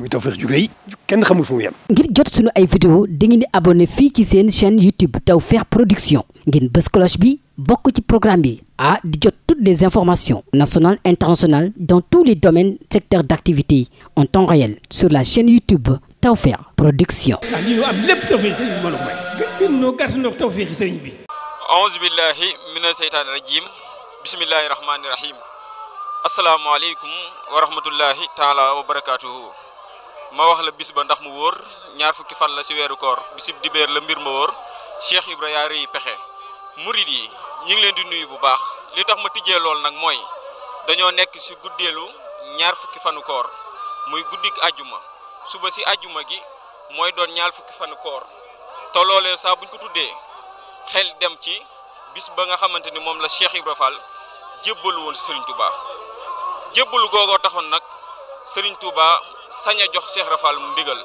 muy Tawfekh ju rëy kenn xamul fu mu yem. ngir jot sunu ay vidéo dangeen di abonné fii ci seen chaîne YouTube Tawfekh Production ngeen bës bi bokk ci programme bi ah di jot toutes les informations nationales internationales dans tous les domaines secteurs d'activité en temps réel sur la chaîne YouTube Tawfekh Production. ah lii ñu am lépp Tawfekh sëriñ bi mbooloo mooy. gën gën ñoo gàtt ñoo Tawfekh sëriñ bi. aouzu billahi mina seytaani rajim bismillahi rahmaani rahim asalaamaaleykum wa rahmatullahi taala wa barakaatuhu. ma wax la bis ba ndax mu wóor ñaar fukki fan la si weeru koor bisib dibéer la mbir ma wóor Cheikh Ibra yaa rëy pexe murid yi ñu ngi leen di nuyu bu baax li tax ma tijjee lool nag mooy dañoo nekk si guddeelu ñaar fukki fanu koor muy guddik àjjuma suba si àjjuma gi mooy doon ñaar fukki fanu koor te loolee saa buñ ko tuddee xel dem ci bis ba nga xamante ni moom la Cheikh Ibra Fall jébbalu woon si Serigne Touba jébbalu googoo taxoon nag. sëriñ Touba sañ a jox Cheikh Rafal mu ndigal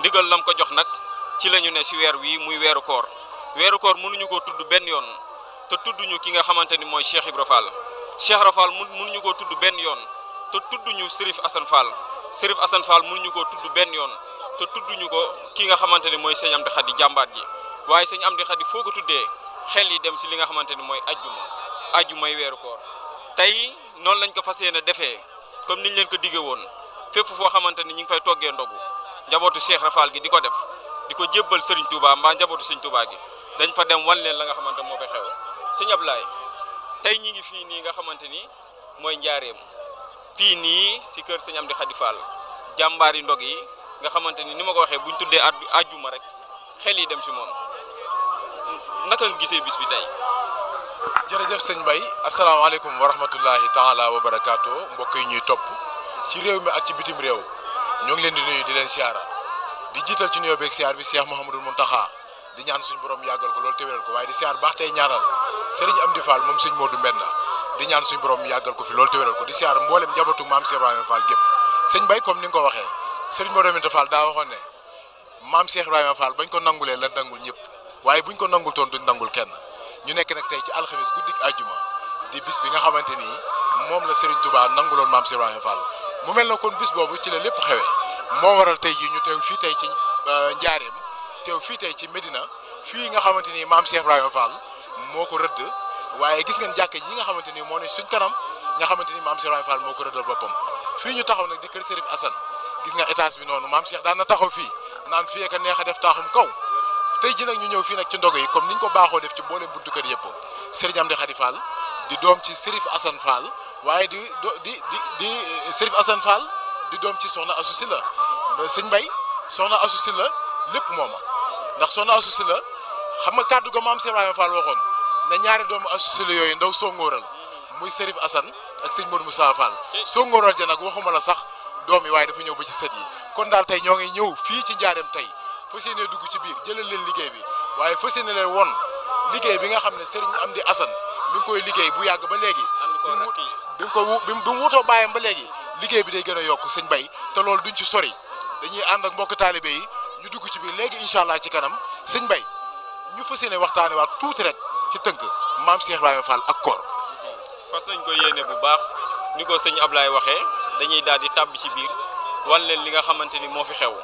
ndigal lam ko jox nag ci la ñu ne si weer wii muy weeru koor weeru koor mënuñu ko tudd benn yoon te tudduñu ki nga xamante ni mooy Cheikh Ibra Cheikh Rafal mënuñu ko tudd benn yoon te tudduñu Serif Assane Fall Serif Assane koo tudd benn yoon te tudduñu ko ki nga xamante ni mooy sëñ Amdi Xadi jàmbaat ji waaye sëñ Amdi Xadi foo ko tuddee xel yi dem si li nga xamante ni mooy ajjuma ajjumay weeru koor tey noonu lañ ko fa fas a defee. comme niñ leen ko diggee woon fépp foo xamante ni ñu ngi fay toggee ndogu njabootu Cheikh Rafal gi di ko def di ko jébbal sëriñ Touba mbaa njabootu Serigne Touba gi dañ fa dem wan leen la nga xamante moo fay xew Serigne Ablaye tey ñi ngi fii nii nga xamante ni mooy njaareem fii nii si kër Serigne Amdi Khady Fall jàmbaari ndog yi nga xamante ni ni ma ko waxee ñu tuddee àjjuma rek xel yi dem si moom naka gisee bis bi tey. jërëjëf sëñ Mbaye asalaamaaleykum wa rahmatullahi taala wa barakaatu mbokk yi ñuy topp ci réew mi ak ci bitim réew ñoo ngi leen di nuyu di leen siyaara di jiital ci nuyoo beeg siyaar bi Cheikh Mouhamadul Mountakha di ñaan suñu borom yàggal ko loolu téwéral ko waaye di siyaar baax tey ñaanal Serigne Amdi Fall moom sëñ Modou di ñaan suñu borom yàggal ko fi loolu téwéral ko di siyaar mboolem njabootu maam Cheikh Ibrahima Fall gépp sëñ Mbaye comme ni nga ko waxee Serigne Modou Mbenn daa waxoon ne maam Cheikh Ibrahima Fall bañ ko nangulee la nangul ñëpp waaye buñ ko nangul toon duñ nangul kenn ñu nekk nag tey ci alxames guddik àjjuma di bis bi nga xamante ni moom la Serigne Touba nanguloon maam Cheikh Ibrahima Fall mu mel na kon bis boobu ci la lépp xewee moo waral tey ji ñu teew fii tey ci euh, njaareem teew fii tey ci Medina fii nga xamante ni maam Cheikh Ibrahima Fall moo ko rëdd waaye gis ngeen jàkk yi nga xamante ni moo ne suñ kanam nga xamante ni maam Cheikh Ibrahima moo ko rëddal boppam fii ñu taxaw nag di kër Serigne gis nga étage bi noonu maam Cheikh daan na taxaw fii naan fii ak neex a def taaxum kaw tey ji nag ñu ñëw fii nag ci ndogu yi comme niñ ko baaxoo def ci mboolem buntu kër yëpp Serigne Amdi Khady faal di doom ci Serif Assane Fall waaye di di di di eh, Serif Assane Fall di doom ci soxna Asou Sylla sëñ Mbaye soxna Asou Sylla lépp mooma ndax soxna Asou la xam nga kàddu ga maam Cheikh Ibrahima Fall waxoon na ñaari doomu Asou Sylla yooyu ndaw songóoral muy Serif Assane ak sëñ Modou Moussa Fall songóoral ja nag waxuma la sax doom yi waaye dafa ñëw ba ci set yi kon daal tey ñoo ngi ñëw fii ci njaareem tey fas yéene dugg ci biir jëlal leen liggéey bi waaye fas yéene leen won liggéey bi nga xam ne Serigne Amdi Assane mi ngi koy liggéey bu yàgg ba léegi bi mu ko bi mu wutoo bàyyam ba léegi liggéey bi day gën a yokk sëñ bay te loolu duñ ci sori dañuy ànd ak mbokk taalibe yi ñu dugg ci biir léegi incha allah ci kanam sëñ bay ñu fas yéene waxtaane waat tuuti rek ci tënk maam Cheikh Ibrahima Fall ak koor fas nañ ko yéene bu baax ni ko sëñ Ablaye waxee dañuy daal di tàbb ci biir wan leen li nga xamante ni moo fi xew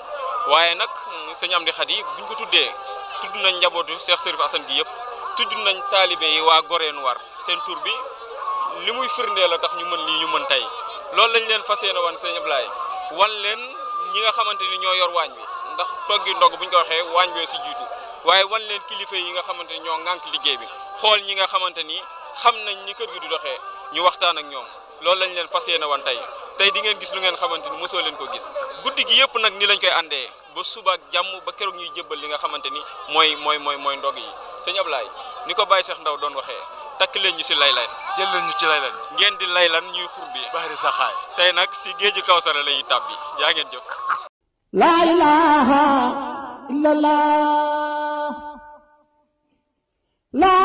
waaye nag mm, sëñ Amdi Khady buñ ko tuddee tudd nañ njabootu Cheikh Serif Assane bi yëpp tudd nañ taalibe yi waa Gorée Noire seen tur bi li muy firndee la tax ñu mën lii ñu mën tey loolu lañ leen fas yéene wan sëñ Ablaye wan leen ñi nga xamante ni ñoo yor waañ bi ndax toggi ndog bu ñu ko waxee waañ bee si jiitu waaye wan leen kilifa yi nga xamante ni ñoo ŋànk liggéey bi xool ñi nga xamante ni xam nañ ni kër gi du doxee ñu waxtaan ak ñoom loolu lañ leen fas yéene wan tey tey di ngeen gis lu ngeen xamante ni mosoo leen ko gis guddi gi yëpp nag ni lañ koy àndee ba suba ak jàmm ba keroog ñuy jëbbal li nga xamante ni mooy mooy mooy mooy ndog yi sëñ Ablaye ni ko bàyyi seex Ndaw doon waxee takk leen ñu si laylan jël leen ñu ci laylan ngeen di laylan ñuy xurbi bari saxaay tey nag si géeju Kawsara lañuy tàbbi yaa ngeen jëf laa ilaaha illallah laa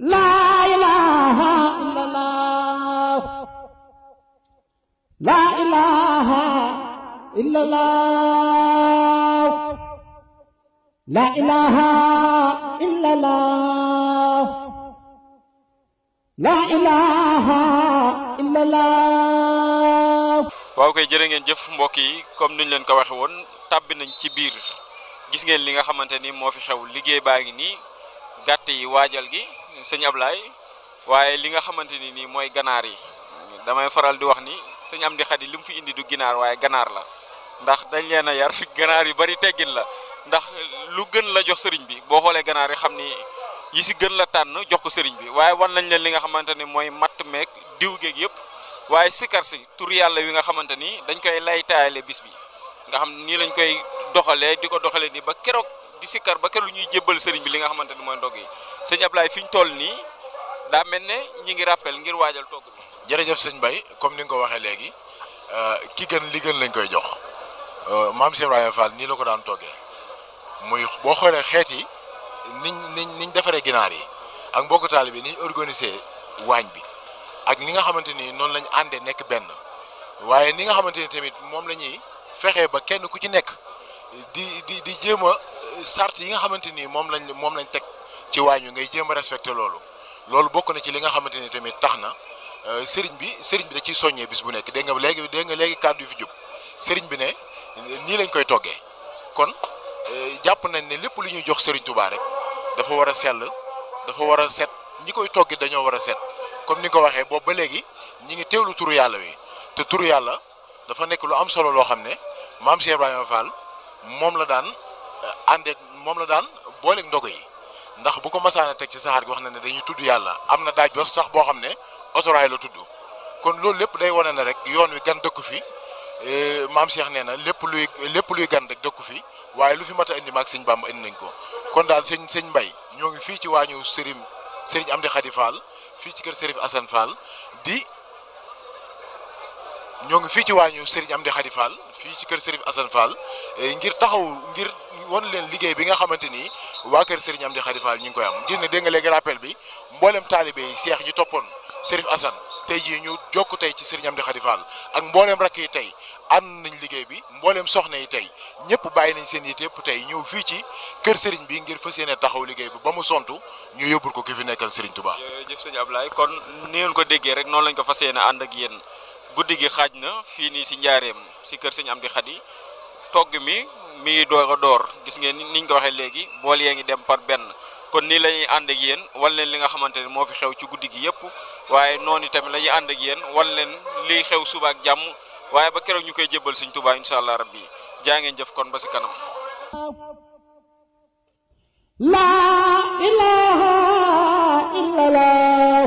laa ilaaha illallaah laa ilaaha illallaah laa ilaaha illallaah waaw koy jërë ngeen jëf mbokk yi comme niñ leen ko waxe woon tàbbi nañ ci biir gis ngeen li nga xamante ni moo fi xew liggéey baa ngi nii gàtt yi waajal gi sëñ Ablaye waaye li nga xamante ni nii mooy ganaar yi damay faral di wax ni sëñ Amdi Xadi li mu fi indi du ginaar waaye ganaar la ndax dañ leen a yar ganaar yu bari teggin la ndax lu gën la jox sëriñ bi boo xoolee ganaar yi xam ni yi si gën la tànn jox ko sëriñ bi waaye wan lañ leen li nga xamante ni mooy matt meeg diw geeg yëpp waaye sikar si tur yàlla wi nga xamante ni dañ koy lay taayale bis bi nga xam nii lañ koy doxalee di ko doxalee nii ba keroog di sikkar ba keroog ñuy jébbal sëriñ bi li nga xamante ni mooy ndog yi sëñ Ablaye fi ñu toll nii daa mel ne ñi ngi rappel ngir waajal togg bi. jërëjëf sëñ Mbaye comme ni nga ko waxee léegi euh, ki gën li gën lañ koy jox euh, maam Cheikh Ibrahima Fall nii la ko daan toggee muy boo xoolee xeet yi niñ niñ niñ defaree ginaar yi ak mbokku taalibe bi niñ organisé waañ bi ak ni nga xamante ni noonu lañu àndee nekk benn waaye ni nga xamante ni tamit moom la ñuy fexee ba kenn ku ci nekk di di di jéem a euh, sart yi nga xamante ni moom lañ moom lañ teg. ci waañ waañu ngay jéem a respecté loolu loolu bokk na ci li nga xamante ni tamit tax na euh, sëriñ bi sëriñ bi da ci soññee bis bu nekk dégg nga léegi dégg nga léegi kàddu yu fi jub sëriñ bi ne nii lañ koy toggee kon euh, jàpp nañ ne lépp lu ñuy jox sëriñ Touba rek dafa war a sell dafa war a set ñi koy toggi dañoo war a set kon ni nga ko waxee boobu ba léegi ñi ngi teewlu turu yàlla wi te turu yàlla dafa nekk lu am solo loo xam ne maam Cheikh Ibrahima Fall moom la daan euh, àndeek moom la daan booleeg ndogo yi ndax bu ko masaana teg ci saxaar gi wax na ne dañuy tudd yàlla am na daaj ba sax boo xam ne autoraay la tudd kon loolu lépp day wane ne rek yoon wi gan dëkku fi e, maam Cheikh nee na lépp luy lépp luy gan rek dëkku fi waaye lu fi mat a indi maag sëñ Bàmba indi nañ ko kon daal sëñ sëñ Mbay ñoo ngi fii ci waañu Serigne Serigne Amdi Khady Fall fii ci kër Serigne Assane Fall di ñoo ngi fii ci waañu Serigne Amdi Khady Fall fii ci kër Serigne Assane e, ngir taxaw ngir. wan leen liggéey bi nga xamante ni waa kër Serigne Amdi Khady Fall ñu ngi koy am gis ne dégg nga léegi rappel bi mboolem taalibee yi seex yi toppoon Serif Assane tey jii ñu jokk tey ci Serigne Amdi Khady Fall ak mbooleem rakk yi tey ànd nañ liggéey bi mbooleem soxna yi tey ñëpp bàyyi nañ seen yite yëpp tey ñëw fii ci kër Serigne bi ngir fas yéene taxaw liggéey bi ba mu sontu ñu yóbbul ko ki fi nekkal Serigne Touba. jërëjëf sëñ Ablaye kon ni ngeen ko déggee rek noonu lañ ko fas yéene ànd ak yéen guddi gi xaaj na fii nii si njaareem si kër sëñ Amdi Khady togg mi mi ngi door door gis ngeen ni ñu ko waxee léegi bool yee ngi dem par benn kon nii la ñuy ànd ak yéen leen li nga xamante ne moo fi xew ci guddi gi yëpp waaye noonu tamit la ñuy ànd ak yéen wan leen liy xew suba ak jàmm waaye ba keroog ñu koy jébbal Sëñ Tuubaa incha allah rabbi jaa ngeen jëf kon ba si kanam. laa ilaaha illallaah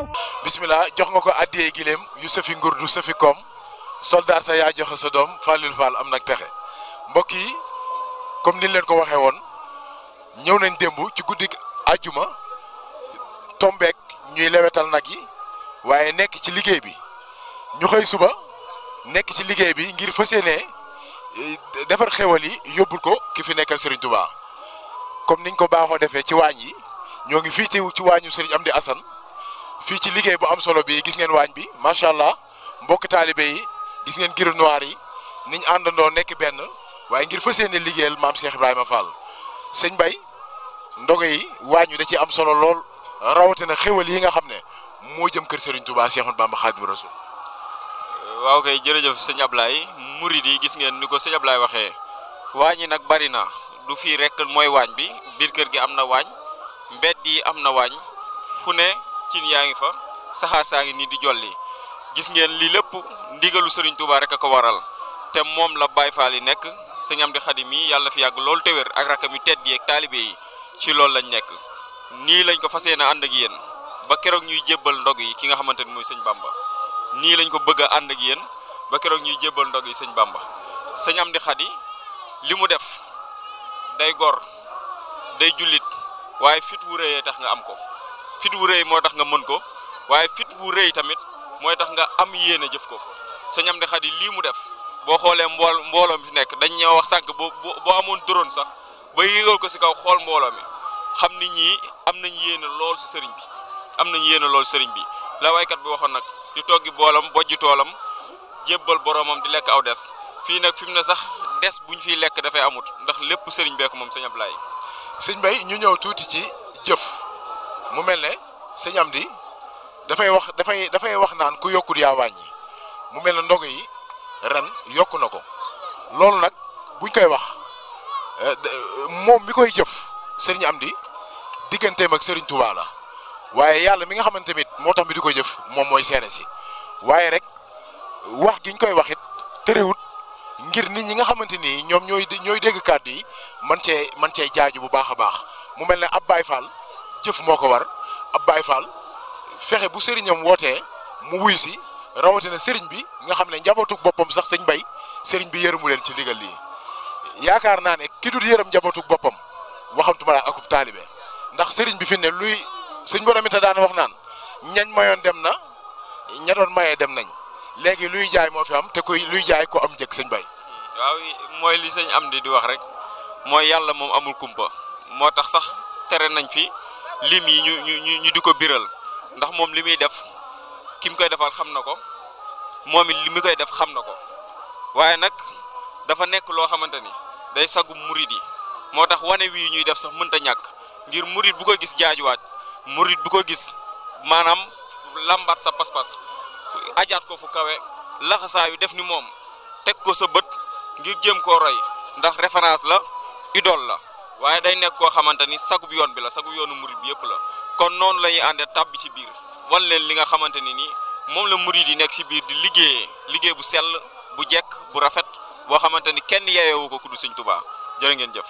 bisimilah jox nga ko addiyee gileem yu sëfi ngurdu sëfi koom soldat sa yaa joxe sa doom Fallil Fall am nag texe mbokk yi comme ni leen ko waxee woon ñëw nañ démb ci guddi ajuma tombeek ñuy lewetal nag yi waaye nekk ci liggéey bi ñu xëy suba nekk ci liggéey bi ngir fas ne eh, defar xéwal yi yóbbul ko ki fi nekkal Serigne Touba comme niñ ko baaxoo defee ci waañ yi ñoo ngi fii ci waañu am di Assane fii ci liggéey bu am solo bii gis ngeen waañ bi macha allah mbokk taalibe yi gis ngeen giru noir yi niñ àndandoo nekk benn waaye ngir fas yéene liggéeyal maam Cheikh Ibrahima Fall sëñ Bay ndogo yi waañ wi da ci am solo lool rawatina xéwal yi nga xam ne moo jëm kër Serigne Touba Cheikhoul Bamba Khadimou Rassoul. waaw kay jërëjëf sëñ Ablaye murid yi gis ngeen ni ko sëñ Ablaye waxee waañ yi nag bari na du fii rek mooy waañ bi biir kër gi am na waañ mbedd yi am na waañ cin yaa ngi fa saxaar saa ngi nii di jolli gis ngeen lii lépp ndigalu sëriñ Touba rek a ko waral te moom la Baye Fall yi nekk sëñ Amdi Xadim mi yàlla fi yàgg loolu te wér ak rakam yu tedd yi ak taalibe yi ci loolu lañ nekk nii lañ ko fas yéene ànd ak yeen ba keroog ñuy jébbal ndog yi ki nga xamante ni mooy sëñ Bamba nii lañ ko bëgg a ànd ak yéen ba keroog ñuy jébbal ndog yi sëñ Bamba sëñ Amdi Xadi li mu def day gor day jullit waaye fit wu rëyee tax nga am ko fit wu rëy moo tax nga mën ko waaye fit wu rëy tamit mooy tax nga am yéene jëf ko sëñ Amdy Khady lii mu def boo xoolee mbool mbooloo mi fi nekk dañ ñoo wax sànq boo boo amoon drone sax ba yéegal ko si kaw xool mbooloo mi xam ni ñii am nañ yéene lool si sëriñ bi am nañ yéene lool sëriñ bi la waykat bi waxoon nag di toggi boolam bojj toolam jébbal boroomam di lekk aw des fii nag fi mu ne sax des bu ñu fiy lekk dafay amut ndax lépp sëriñ beeku moom sëñ sëñ Bay ñu ñëw tuuti ci jëf. mu mel ne sëñ di dafay wax dafay dafay wax naan ku yokkul yaa wàññi mu mel ne ndog yi ren yokku na ko loolu nag buñ koy wax eh, moom mi koy jëf sëriñ di digganteem ak sëriñ Touba la waaye yàlla mi nga xamante ni moo tax mi di ko jëf moom mooy seere si waaye rek wax gi ñu koy waxit it tërëwut ngir nit ñi nga xamante ni ñoom ñooy ñooy dégg kàddu yi man cee man cee jaaju bu baax a baax mu mel ne ab Baay Faal jëf moo ko war ab Baay Faal fexe bu sëriñam wootee mu wuy si rawatina sëriñ bi nga xam ne njabootu boppam sax sëñ Bay sëriñ bi yërëmu leen ci liggal lii yaakaar naa ne ki dul yërëm njabootu boppam waxamtuma laa akub taalibe ndax sëriñ bi fi ne luy sëñ borom it daan wax naan ñañ mayoon dem na ña doon mayee dem nañ léegi luy jaay moo fi am te koy luy jaay ko am njëkk sëñ Bay. waaw mooy li sañ am di di wax rek mooy yàlla moom amul kumpa moo tax sax tere nañ fi. lim yi ñu ñu ñu di ko biral ndax moom li muy def ki mu koy defal xam na ko moom it li mu koy def xam na ko waaye nag dafa nekk loo xamante ni day saggu murid yi moo tax wane wii ñuy def sax mënta ñàkk ngir murid bu ko gis jaajuwaat murid bu ko gis maanaam làmbaat sa pas-pas ajaat ko fu kawe laxasaa yu def ni moom teg ko sa bët ngir jëm koo roy ndax référence la idole la waaye day nekk koo xamante ni sagub yoon bi la sagub yoonu murid bi yëpp la kon noonu la ñuy àndee tàbbi ci biir wan li nga xamante ni nii moom la murid yi nekk ci biir di liggéeyee liggéey bu sell bu jekk bu rafet boo xamante ni kenn yeewewu ko ku du Sëñ Tuubaa jërë ngeen jëf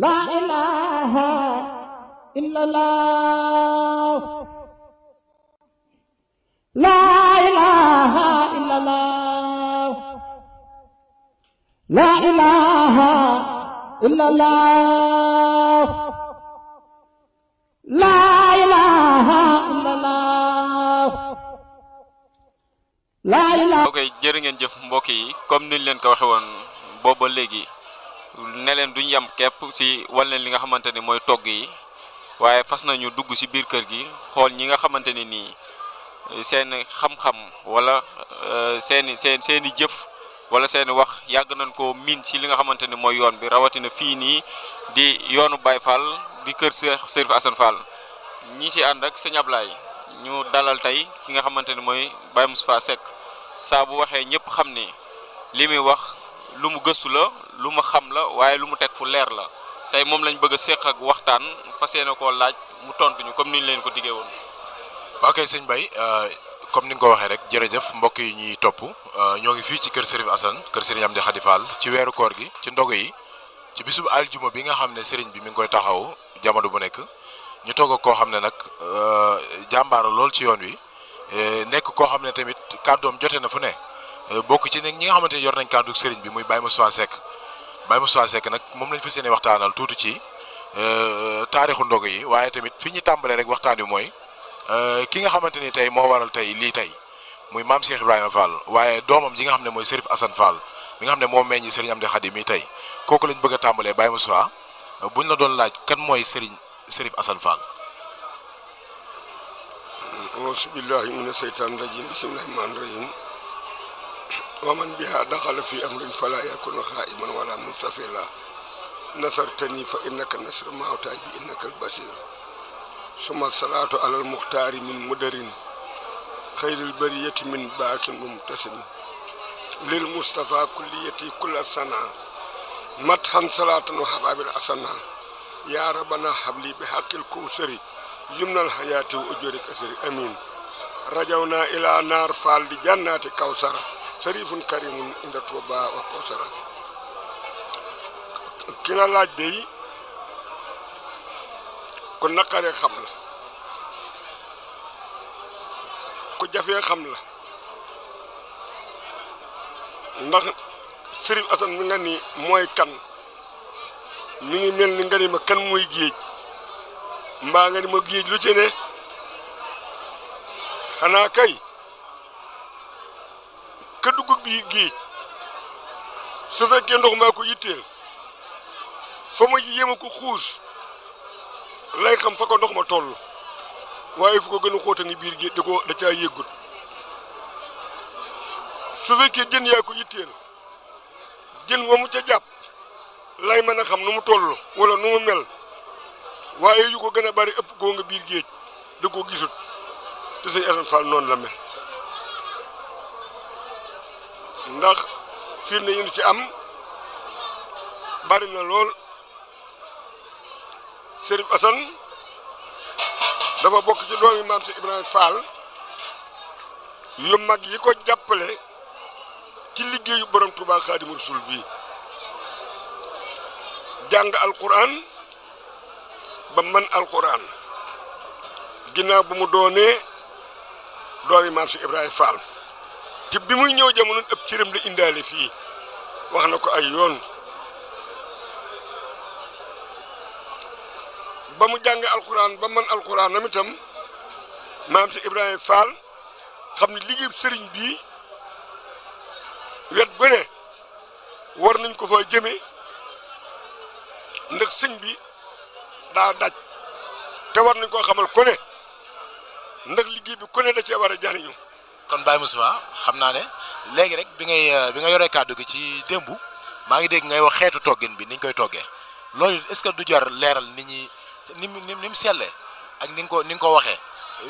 la ilaha illallah la ilaha illallah la ilaha illallah la ilaha illallah la ilaha ok jërë ngeen jëf mbokk yi comme niñ leen ko waxe woon booba léegi ne leen duñ yem kepp si walleen li nga xamante ni mooy togg yi waaye fas nañu dugg si biir kër gi xool ñi nga xamante ni nii eh, seen xam-xam wala eh, seeni seen i jëf wala seeni wax yàgg nañ ko miin ci li nga xamante ni mooy yoon bi rawatina fii nii di yoonu Baye Fall di kër Serif Assane Fall ñi si ànd ak sëñ Ablaye ñu dalal tey ki nga xamante ni mooy Baye Moustapha Seck saa bu waxee ñëpp xam ni li muy wax lu mu gëstu la lu ma xam la waaye lu mu teg fu leer la tey moom lañ bëgg a séq ak waxtaan fas yéene koo laaj mu tontu ñu comme ni leen ko diggee woon. ok sëñ Baye euh, comme ni nga ko waxee rek jërëjëf mbokk yi ñuy topp euh, ñoo ngi fii ci kër Serigne Assane kër Serigne Amdi Khady Fall ci weeru koor gi ci ndogo yi ci bisub aljuma bi nga xam ne Serigne bi mi ngi koy taxaw jamono bu nekk ñu toog koo xam ne nag euh, jàmbaara lool ci yoon wi nekk koo xam ne tamit kàddoom jote na fu ne bokk ci nag ñi nga xamante ne yor nañ kàddu sëriñ bi muy Baye Moussa Seck. Baye Moustapha Seck nag moom lañ fas yéene waxtaanal tuuti ci euh, taarixu ndogu yi waaye tamit fi ñu tàmbalee rek waxtaan wi mooy euh, ki nga xamante ni tey moo waral tey lii tey muy maam Cheikh Ibrahima faal waaye doomam ji nga xam ne mooy Serif Assane Fall mi xam ne moo meññi Serigne Amdi Xadim mi tey kooku lañ bëgg a tàmbalee Baye Moustapha euh, buñ la doon laaj kan mooy Serigne Serif Assane Fall. auzu billaahi mina seytaani ومن بها دخل في أمر فلا يكون خائما ولا منسفلا نصرتني فإنك النصر ما وتعبي إنك البصير ثم الصلاة على المختار من مدر خير البرية من باك ممتسم للمصطفى كليتي كل سنة مدحا صلاة وحباب الأسنة يا ربنا حبلي بحق الكوثر يمن الحياة وأجور كسر أمين رجونا إلى نار فال جنات كوثر sarifun karimun inda Tuuba wa Kawsara ki la laaj dey ku naqaree xam la ku jafee xam la ndax Sëriñ Asan mi nga mooy kan mu ngi mel ni nga ni ma kan mooy géej mbaa nga ma géej lu ci ne xanaa kay ka dugg bi géej su fekkee ndox maa ko yitteel fa mu yéema ko xuus lay xam fa ko ndox ma toll waaye fu ko gën a xóota ni biir géej da ko da caa yëggut su fekkee jën yaa ko yitteel jën wa mu ca jàpp lay mën a xam nu mu toll wala nu mu mel waaye yu ko gën a bari ëpp koo nga biir géej da koo gisut te sëñ Assane Fall la mel ndax firnde yi ñu ci am bari na lool Serigne Assane dafa bokk ci doomi maam si Ibrahima Fall yu mag yi ko jàppale ci liggéeyu borom Touba Xaadimu bi jàng alquran ba man alquran ginnaaw bu mu doonee doomi maam si Ibrahima Fall. te bi muy ñëw jamono ëpp cëram la indaale fii wax na ko ay yoon ba mu jàngee alxuraan ba man alxuraan am itam maam si Ibrahima Fall xam ne liggéey sëriñ bi wet gu ne war nañ ko fa jëme ndax siñ bi daa daj te war nañ koo xamal ku ne liggéey bi ku ne da war a jariñu kon Baye Moussa xam naa ne léegi rek bi ngay bi nga yoree kàddu gi ci démb maa ngi dégg ngay wax xeetu toggin bi niñ koy toggee loolu est-ce que du jar leeral ni ñi ni mu ni mu sellee ak ni nga ko ni nga ko waxee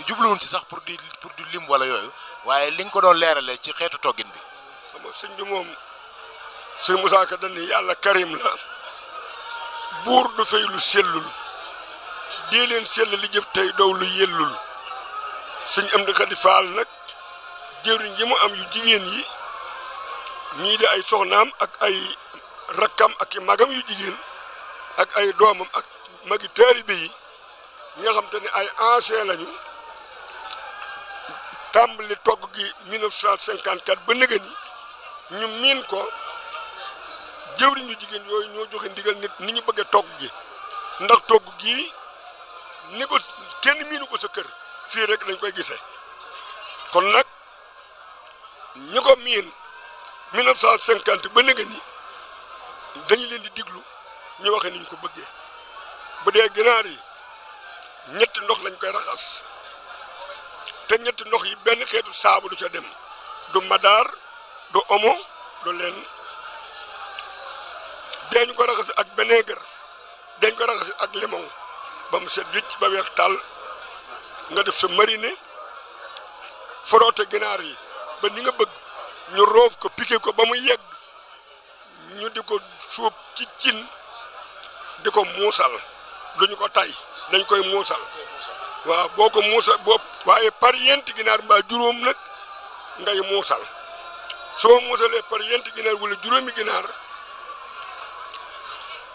jubluwun ci sax pour di pour di lim wala yooyu waaye li nga ko doon leeralee ci xeetu toggin bi. xam nga sëñ bi moom sëñ Moussa Ka dañ ne yàlla karim la buur du fay lu sellul dee leen sell li jëf tey dow lu yellul sëñ am di xadi faal nag. jëwriñ yi mu am yu jigéen yi ñii di ay soxnaam ak ay rakkam ak i magam yu jigéen ak ay doomam ak magi taalibe yi ñi nga xam te ne ay ancien lañu tàmbali togg gi 1954 ba nëgë ni ñu miin ko jëwriñ yu jigéen yooyu ñoo joxe ndigal nit ni ñu bëggee togg gi ndax togg gi ni ko kenn miinu ko sa kër fii rek lañ koy gisee kon nag ñu ko miin 1950 ba léegi ni dañu leen di diglu ñu waxe niñ ko bëggee bu dee ginaar yi ñetti ndox lañ koy raxas te ñetti ndox yi benn xeetu saabu du ca dem du madaar du omo du leen dañ ko raxas ak vinaigre dañ ko raxas ak limon ba mu set wicc ba weex tàll nga def sa marine frotté ginaar yi ba ni nga bëgg ñu roof ko piqué ko ba mu yegg ñu di ko suub ci cin di ko muusal duñu ko tay dañ koy muusal waaw boo ko muusal boo waaye par yent ginaar mbaa juróom nag ngay muusal soo muusalee par yenti ginaar wala juróomi ginaar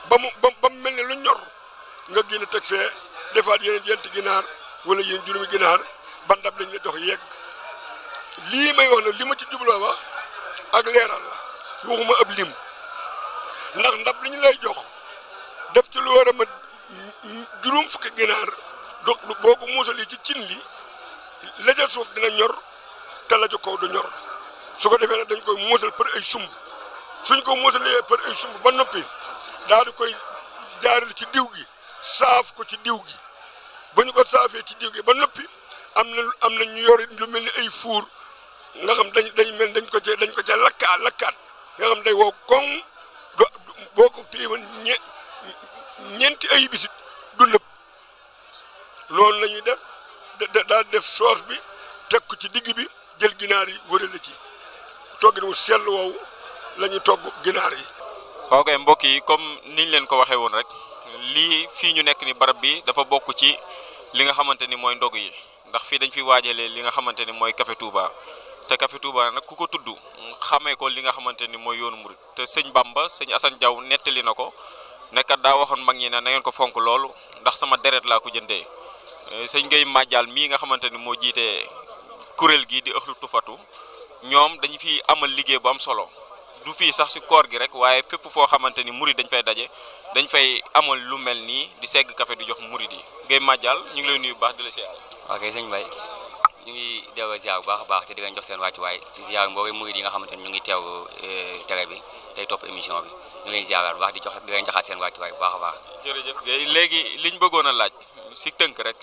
ba mu ba mu mel ni lu ñor nga génn teg fee defaat yeneen yenti ginaar wala yéen juróomi ginaar ba ndab lañ dox yegg lii may wax ne li ma ci jubloo wax ak leeral la waxuma ab lim ndax ndab liñu ñu lay jox def ci lu war a ma juróom fukki ginaar do boo ko muusalee ci cin li la suuf dina ñor te la ca kaw du ñor su ko defee nag dañ koy muusal par ay sumb suñ ko muusalee par ay sumb ba noppi daal di koy jaaril ci diw gi saaf ko ci diw gi ba ñu ko saafee ci diw gi ba noppi am na am na ñu yor lu mel ni ay fuur nga xam dañ dañ mel dañ ko ca dañ ko ca lakkaat lakkaat nga xam day wow koŋ boo ko téewoon ñe ñeenti ay bisit du nëb loolu la ñuy def daal def soos bi teg ko ci digg bi jël ginaar yi wërale ci toggin wu sell wow la ñu togg ginaar yi. waaw kay mbokk yi comme niñ leen ko waxee woon rek lii fii ñu nekk ni barab bi dafa bokk ci li nga xamante ni mooy ndog yi ndax fii dañ fi waajalee li nga xamante ni mooy café Touba. te Café Touba nag ku ko tudd xamee ko li nga xamante ni mooy yoonu murit te sëñ Bamba sëñ Assane Diaw nettali na ko nekkat daa waxoon mag ñi ne na ngeen ko fonk loolu ndax sama deret laa ko jëndee euh, sëñ Gueye Madial mii nga xamante ni moo jiitee kuréel gi di ëxlu tufatu ñoom dañu fi amal liggéey bu am solo du fii sax si koor gi rek waaye fépp foo xamante ni murit dañ fay daje dañ fay amal lu mel nii di segg kafe di jox murit yi Gueye Madial ñu ngi lay nuyu bu baax di ñu ngi delloo ziar bu baax a baax te di leen jox seen wàccuwaay waay ziar mboolem murid yi nga xamante ñu ngi teew eh, tere bi tey topp émission bi ñu leen ziaraat baax di jox di leen joxaat seen wàccuwaay bu baax a baax. jërëjëf Guèye léegi liñ bëggoon a laaj si tënk rek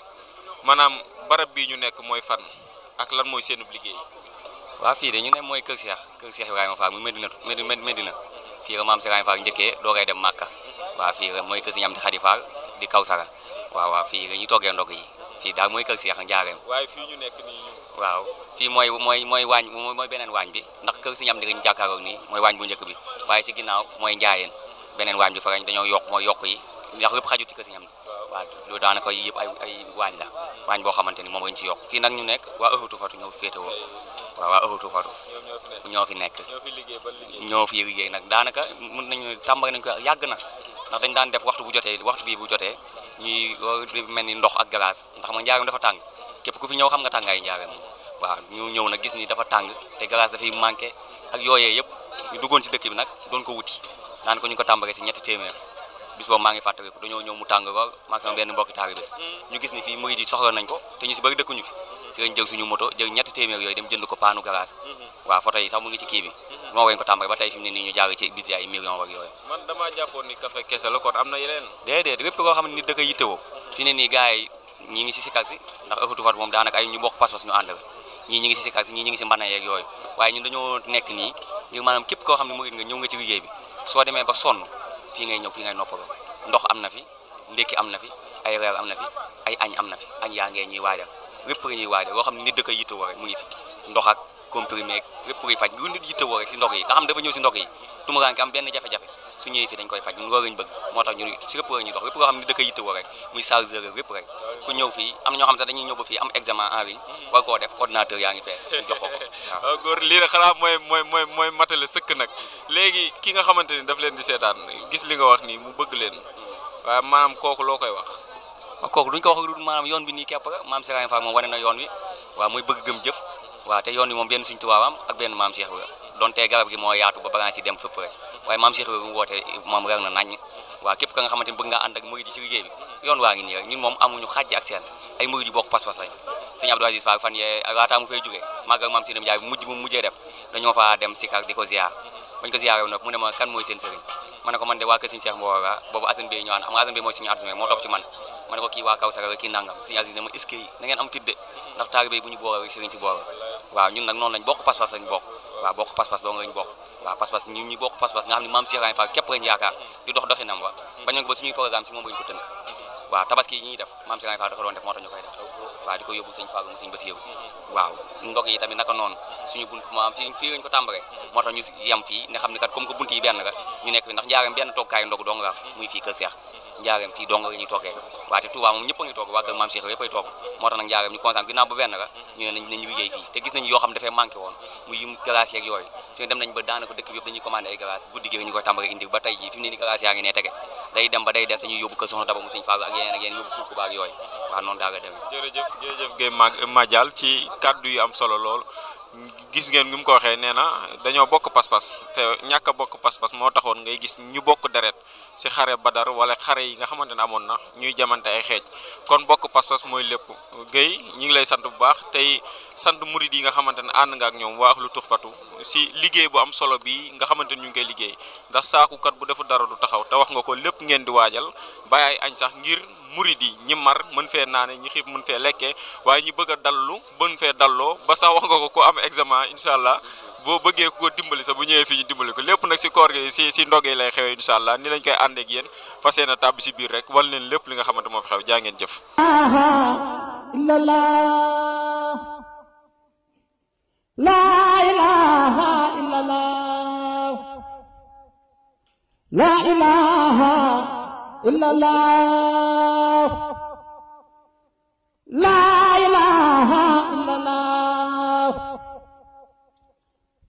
maanaam barab bii ñu nekk mooy fan ak lan mooy seenub liggéey. waaw fii de ñu ne mooy kër Cheikh kër Cheikh Ibrahima Fall muy Medina Medina fii la maam Serigne Fall njëkkee doogay dem Màkka mhm. waa fii mooy kër Serigne Amdi Khady Fall di Kawsara waaw waaw fii la ñu toggee ndog yi fii daal mooy kër Seex ak njaareem waaye fii waaw fii mooy mooy mooy waañ mooy beneen waañ bi ndax kër si ñam di ñu nii mooy waañ bu njëkk bi waaye si ginnaaw mooy njaayeen beneen waañ bi fa dañoo yokk mooy yokk yi ndax yëpp xaju ci kër si ñam waaw loolu daanaka yëpp ay waañ la waañ boo xamante ni moom lañ ci yokk fii nag ñu nekk waa ëxatu fatu ñoo féetewoo waaw waa ëxatu ñoo fi nekk ñoo fi liggéey nag daanaka mën nañu tàmbali nañ ko yàgg na ndax dañ daan def waxtu bu jotee waxtu bii bu jotee ñuy mel ni ndox ak glace ndax ma njaareem dafa tàng képp ku fi ñëw xam nga tàngaay njaareem waaw ñu ñëw nag gis ni dafa tàng te glace dafay manqué ak yooyee yëpp ñu duggoon ci dëkk bi nag doon ko wuti naan ko ko tàmbalee ci ñetti téeméer bis boobu maa ngi fàttaliku dañoo ñëw mu tàng lool maag sama benn mbokki taari bi ñu ni fii murid yi soxla nañ ko te ñu ci bëri dëkkuñu fi ci lañ jël suñu moto jël ñetti téeméer yooyu dem jënd ko paanu glace mhm. waaw photo yi sax ngi ci kii moo ween ko tàmbali ba tey fi mu ne nii ñu jaaree ci budget ay millions ak yooyu. man damaa jàppoon ni café kese la kon am na yeneen. déedéet lépp koo dañoo nekk nii ngir maanaam képp koo xam ne murid nga ñëw nga ci liggéey bi soo demee ba sonn fii ngay ñëw fii ngay noppaloo ndox am na fi ndékki am na fi ay reer am na fi ay añ am na fi añ yaa ngee ñuy waajal lépp la ñuy waajal loo xam ne nit da koy yittewoo rek mu ngi fi ndox comprimé lépp luy faj lu nit yittewoo rek si ndog yi nga xam dafa ñëw si ndog yi tumuraanke am benn jafe-jafe su ñëwee fi dañ koy faj ñun loolu bëgg moo tax ñu si lépp la ñuy dox lépp loo xam ne da koy yittewoo rek ku ñëw fii am na ñoo xam ne dañuy ñëw ba fii am examen en war koo def ordinateur yaa ngi fee ñu jox ko ko waaw góor lii nag xanaa mooy mooy sëkk nag léegi ki nga xamante ni daf leen di seetaan gis li nga wax nii mu bëgg leen waaw maanaam kooku loo koy wax kooku duñ ko wax rek yoon bi nii képp la maam Serigne Fall moom wane na yoon wi waaw mooy bëgg gëm jëf waaw te yoon wi moom benn Sëriñ Tuubaa am ak benn maam Cheikh dem fépp waaye maam Cheikh Ibra bu mu woote moom reer na naññ waaw képp ka nga xamante bëgg nga ànd ak murid yi ci liggéey bi yoon waa ngi mu fay mu ne ma man xam nga Assane man ma ko kii waa Kawsara kii nangam sëñ Aziz ne ma est que na ngeen am fidde ndax taalibe bu ñu boora rek sëriñ si boora waaw ñun nag noonu lañ bokk pas-pas lañ bokk waaw bokk pas-pas dong lañ bokk ñu ñu bokk pas-pas nga xam ne maam Cheikh Ibrahima Fall képp lañ yaakaar di dox doxinam wa bañoon ñu koy def waaw di ko yóbbu sëñ Fallou mu sëñ Bassirou waaw ndog tamit naka noonu suñu bunt maam fii ko tàmbalee moo tax ñu yem fii nga xam ne kat comme que bunt benn la ñu nekk fi ndax njaaram benn toogkaayu ndog dong la muy fii kër Cheikh njaareem fii dong la ñuy toggee waate Touba moom a ngi togg waa kër maam Cheikh yëpp ay togg moo tax nag njaareem ñu consent ginnaaw ba benn ka ñu ne nañu liggéey fii te gis nañu yoo xam dafay woon muy glace yeeg yooyu fi gi ne ni glace yaa ngi ne tege day dem ba day des dañuy yóbbu kër soxna daba mu sëñ Fallou ak yeneen ak yeneen yóbbu suuku baak yooyu waaw noonu daaga dem jërëjëf jërëjëf Guèye Madial ci kaddu yu am solo lool gis ngeen ni mu ko waxee nee na dañoo bokk pas-pas te ñàkk a bokk pas-pas moo taxoon ngay gis ñu bokk deret si xare badar wala xare yi nga xamante ne amoon na ñuy jamante ay xeej kon bokk pas-pas mooy lépp géey ñu ngi lay sant bu baax tey sant murid yi nga xamante ne ànd nga ñoom waax lu tux si liggéey bu am solo bi nga xamante ne ñu ngi koy liggéey ndax saakukat bu defu dara du taxaw te wax nga ko lépp ngeen di waajal bàyyi añ sax ngir murid yi ñi mar mën fee naane ñi xiif mën fee lekkee waaye ñi bëgg a dallu mën fee dalloo ba sax wax nga ko ko am examen incha allah boo bëggee ku ko dimbali sax bu ñëwee fii dimbali ko lépp nag si koor gi si si lay xewee incha allah ni lañ koy ànd ak yéen fas yéene tàbb si biir rek wal leen lépp li nga xamante moo fi xew jaa jëf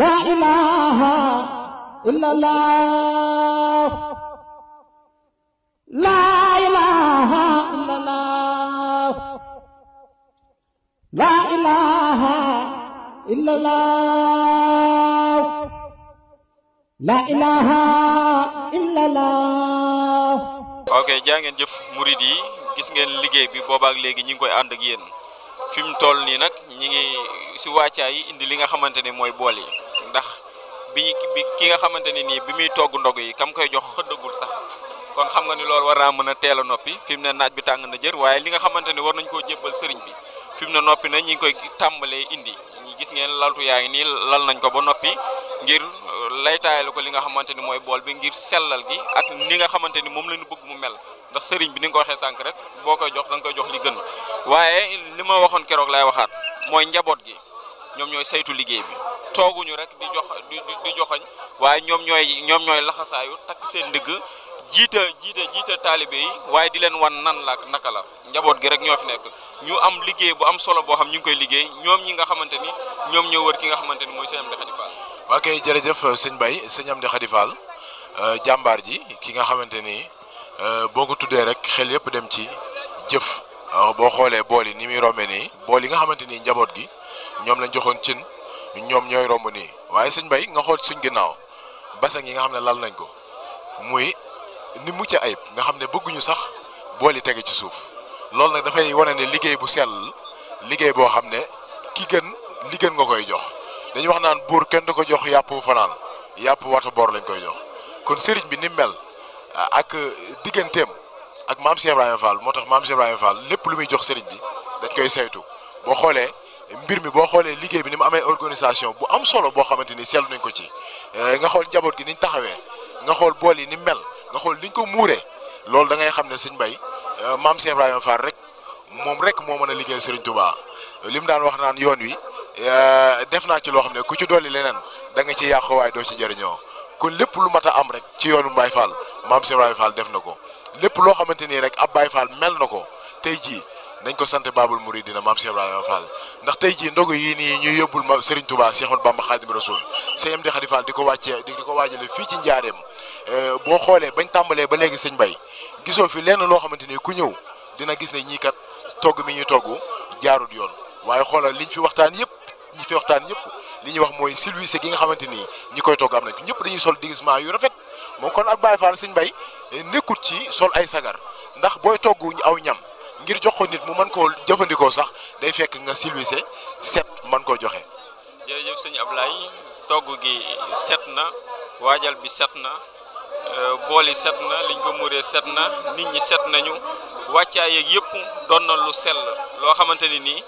laa ilaaha illallaah laa ilaaha illallaah laa ilaaha illallaah ok jaa ngeen jëf murid yi gis ngeen liggéey bi boobaak léegi ñi koy ànd ak yéen fi mu toll nii nag ñi ngi si wàccaa yi indi li nga xamante ne mooy bool yi ndax bi ki nga xamante ne nii bi muy togg ndog yi kam koy jox xëddagul sax kon xam nga ni lool war naa mën a teel a noppi fi mu ne naaj bi tàng na jër waaye li nga xamante ne war nañ koo jébbal sëriñ bi fi mu ne noppi na ñi koy tàmbalee indi ñi gis ngeen laltu yaa ngi nii lal nañ ko ba noppi ngir uh, laytaayalu ko li nga xamante ni mooy bool bi ngir sellal gi ak ni nga xamante ni moom lañu ñu bëgg mu mel ndax sëriñ bi ni nga ko waxee sànq rek boo koy jox da koy jox li gën waaye li ma waxoon keroog lay waxaat mooy njaboot gi ñoom ñooy saytu liggéey bi tooguñu rek di jox di waaye ñoom ñooy ñoom ñooy laxasaayu takk seen ndigg jiita jiita jiita taalibe yi waaye di leen wan nan la naka la njaboot gi rek ñoo fi nekk ñu am liggéey bu am solo boo xam ñu ngi koy liggéey ñoom ñi nga xamante ni ñoom ñoo wër ki nga xamante ni mooy seen Amdi Khady Fall. waa kay jërëjëf sëñ Baye sëñ Amdi Khady Fall euh, jàmbaar ji ki nga xamante ni euh, boo ko tuddee rek xel yëpp dem ci jëf boo xoolee bool yi ni muy rombe nii bool yi nga xamante ni njaboot gi. ñoom lañ joxoon cin ñoom ñooy romb nii waaye sëñ bay nga xool suñ ginnaaw basang yi nga xam ne lal nañ ko muy ni mucc ayib nga xam ne bëgguñu sax bool yi tege ci suuf loolu nag dafay wane ne liggéey bu sell liggéey boo xam ne ki gën li gën nga koy jox dañuy wax naan buur kenn du ko jox yàpp fanaan yàpp wata boor lañ koy jox kon sëriñ bi ni mel ak digganteem ak maam Cheikh Ibrahima Fall moo tax maam Cheikh Ibrahima Fall lépp lu muy jox sëriñ bi dañ koy saytu boo xoolee. mbir mi boo xoolee liggéey bi ni ma amee organisation bu am solo boo xamante ni seetlu nañ ko ci eh, nga xool njaboot gi niñ taxawee nga xool bool yi ni mel nga xool niñ ko muuree loolu da ngay xam ne suñ Mbay eh, maam Cheikh Ibrahima rek moom rek moo mën a liggéey Serigne Touba li mu daan wax naan yoon wi eh, def naa ci loo xam ne ku ci dolli leneen da ci yàqu waaye doo ci jëriñoo kon lépp lu mat a am rek ci yoonu Baye Fall maam Cheikh Ibrahima def na ko lépp loo xamante ni rek ab Baye mel na ko tey jii. nañ ko sant Babul Mouridina maam Cheikh Ibrahima Fall ndax tey jii ndogu yi nii ñu yóbbul ma Serigne Touba Cheikhoul Bamba Khadim Rasoul CMD Khady Fall di ko wàccee di ko waajale fii ci njaareem euh, boo xoolee bañ tàmbalee ba léegi sëñ Bay gisoo fi lenn loo xamante ni ku ñëw dina gis ne ñii togg mi ñuy togg jaarut yoon waaye xoolal liñ fi waxtaan yëpp ñi fi waxtaan yëpp li ñuy wax mooy service gi nga xamante ni ñi koy togg am nañ ñëpp dañuy sol déguisement yu rafet moom kon ak Baye faal sañ Bay nekkut ci sol ay sagar ndax booy togg aw ñam ngir jox ko nit mu mën koo jëfandikoo sax day fekk nga silwise set mën koo joxe. jërëjëf sëñ Ablaye togg gi set na waajal bi set na euh, bool yi set na liñ ko muuree set na nit ñi set nañu wàccaa yeeg yëpp doon na lu sell loo xamante ni nii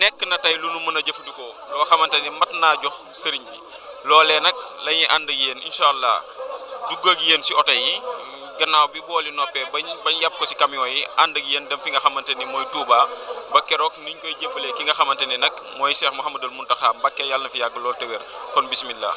nekk na tey lu nu mën a jëfandikoo loo xamante ni mat naa jox sëriñ bi loolee nag lañuy ànd ak yéen incha allah dugg ak yéen ci oto yi. gannaaw bi booli noppee bañ bañ yàpp ko si camion yi ànd ak yéen dem fi nga xamante ni mooy Touba ba keroog niñ koy jébbalee ki nga xamante ni nag mooy Cheikh Mouhamadul Mountakha Mbacké yàlla na fi yàgg lool te wér kon bismillah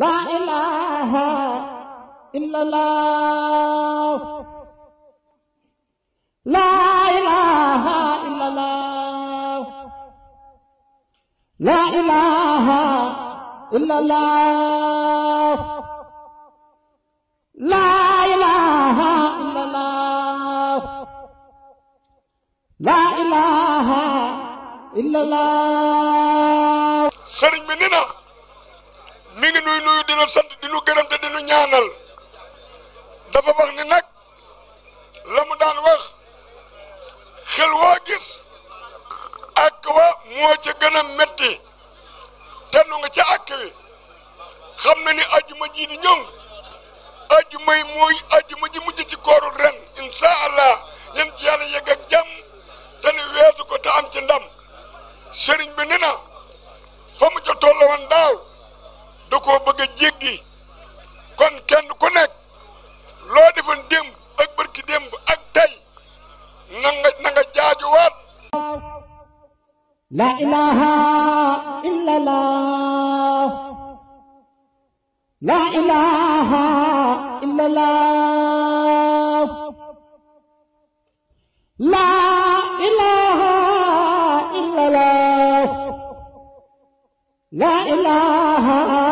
la ilaha illallah la ilaha illallah la ilaha illallah la ilaha illallah la ilaha illallah sëriñ bi nee na mi ngi nuy nuyu dinu sant dinu gërëm te dinu ñaanal dafa wax ni nag la daan wax xel waa gis ak wa moo ca gën metti te nu nga ca àkk wi xam na ni ajuma ji di ñëw ajuma yi mooy ajuma ji mujj ci kooru ren insha allah yem ci yàlla yegg ak jàmm weesu ko te am ci ndam sëriñ bi ni na fa mu ca tolloon daaw da koo bëgg na la ilaha illallah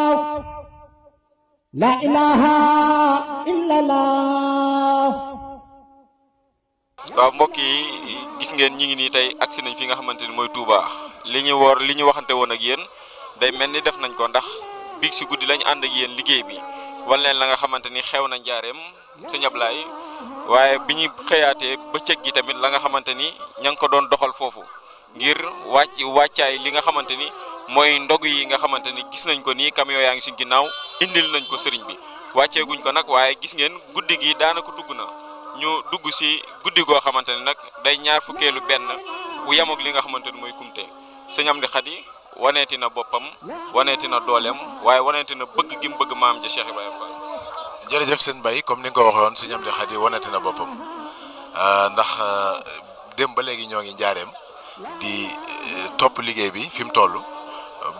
la ilaha mbokk yi gis ngeen ñi ngi nii tey agsi nañ fi nga xamante ni mooy Touba li ñu woor li ñu waxante woon ak yéen day mel ni def nañ ko ndax biig si guddi lañu ànd ak yéen liggéey bi wan la nga xamante ni xew na njaareem sëñ Ablaye waaye bi ñu xëyaatee ba bëccëg gi tamit la nga xamante ni ña ngi ko doon doxal foofu ngir wàcc wàccaay li nga xamante ni mooy ndog yi nga xamante ni gis nañ ko nii yooyu yaa ngi si ginnaaw indil nañ ko sëriñ bi wàcceeguñ ko nag waaye gis ngeen guddi gi daanaka dugg na ñu dugg si guddi goo xamante ni nag day ñaar fukkeelu benn bu yem ak li nga xamante ni mooy kumte sëñ Amdi Xadi waneeti na boppam waneeti na doolem waaye waneeti na bëgg gi mu bëgg maam ja Cheikh Ibrahima Fall. jërëjëf seen bay comme ni nga ko waxee woon sëñ Amdi Xadi waneeti na boppam ah, ndax ah, démb ba léegi ñoo ngi njaareem di eh, topp liggéey bi fi mu toll.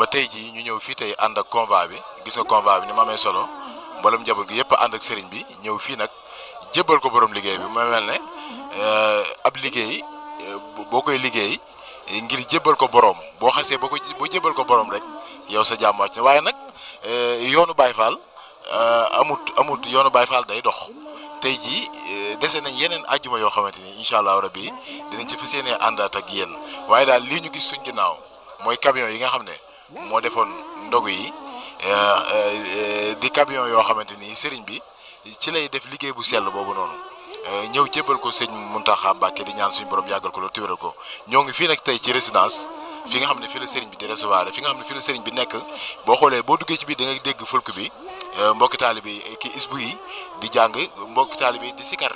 ba tey jii ñu ñëw fii tey ànd ak convoi bi gis nga convoi bi ni ma amee solo mboolem njaboot gi yëpp ànd ak sëriñ bi ñëw fii nag jëbal ko borom liggéey bi mooy mel ne euh, ab liggéey euh, boo koy liggéey ngir jëbal ko borom boo xasee boo ko jëbal ko borom rek yow sa jàmm wàcc na waaye nag euh, yoonu Baye Fall amut amut yoonu Baye Fall day dox tey jii dese nañ yeneen àjjuma yoo xamante ni incha allahu rabi dinañ ci fas yéenee àndaat ak yéen waaye daal lii ñu gis suñ ginnaaw mooy camion yi nga xam ne. moo defoon ndogu yi euh, euh, di camion yoo xamante ni sëriñ bi ci lay def liggéey bu sell boobu noonu euh, ñëw jébbal ko sëñ Mountakha Mbacké di ñaan suñ borom yàggal ko loolu téwéral ko ñoo ngi fii nag tey ci résidence fi nga xam ne fii la sëriñ bi di recevoir fi nga xam ne fii la sëriñ bi nekk boo xoolee boo duggee ci biir da ngay dégg fulk bi mbokki taali bi kii isbu yi di jàng mbokki taali bi di sikar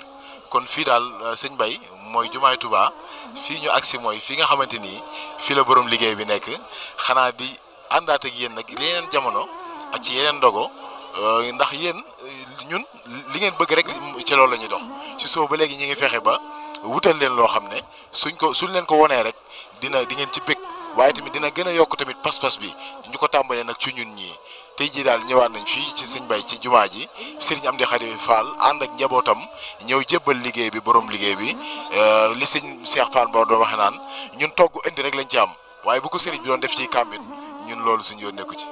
kon fii daal sëñ Bay mooy jumaay Touba fii ñu si mooy fi nga xamante ni fii la borom liggéey bi nekk xanaa di àndaat ak yéen nag yeneen jamono ak ci yeneen ndogo euh, ndax yéen ñun li ngeen bëgg rek ci loolu la ñuy dox ci soo ba léegi ñu ngi fexe ba wutal leen loo xam ne suñ ko suñ leen ko wonee rek dina di ngeen ci bëgg waaye tamit dina gën a yokk tamit pas-pas bi ñu ko tàmbalee nag ci ñun ñii tey jii daal ñëwaat nañ fii ci sëñ Bay ci jumaa ji sëriñ Amdi Xadi Fall ànd ak njabootam ñëw jébbal liggéey bi borom liggéey bi euh, li sëñ Cheikh Fall Mbaor doon waxe naan ñun togg indi rek lañ ci waaye bu sëriñ bi def ci kàmbit ñun loolu suñ yoon nekku ci.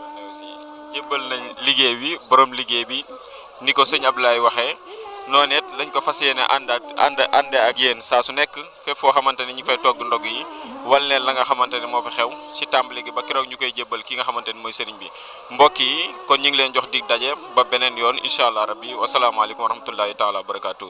jébbal nañ liggéey bi borom liggéey bi ni ko sëñ Abdoulaye waxee noon it lañ ko fas yéene ànd ak ànd ànd ak yéen saa su nekk fépp foo xamante ne ñu ngi fay togg ndog yi wal leen la nga xamante ne moo fi xew ci tàmbali gi ba keroog ñu koy jébbal ki nga xamante ne mooy sëriñ bi mbokk yi kon ñu ngi leen jox dig daje ba beneen yoon incha allah rabbi wasalaamaaleykum wa rahmatullahi taala wa barakaatu.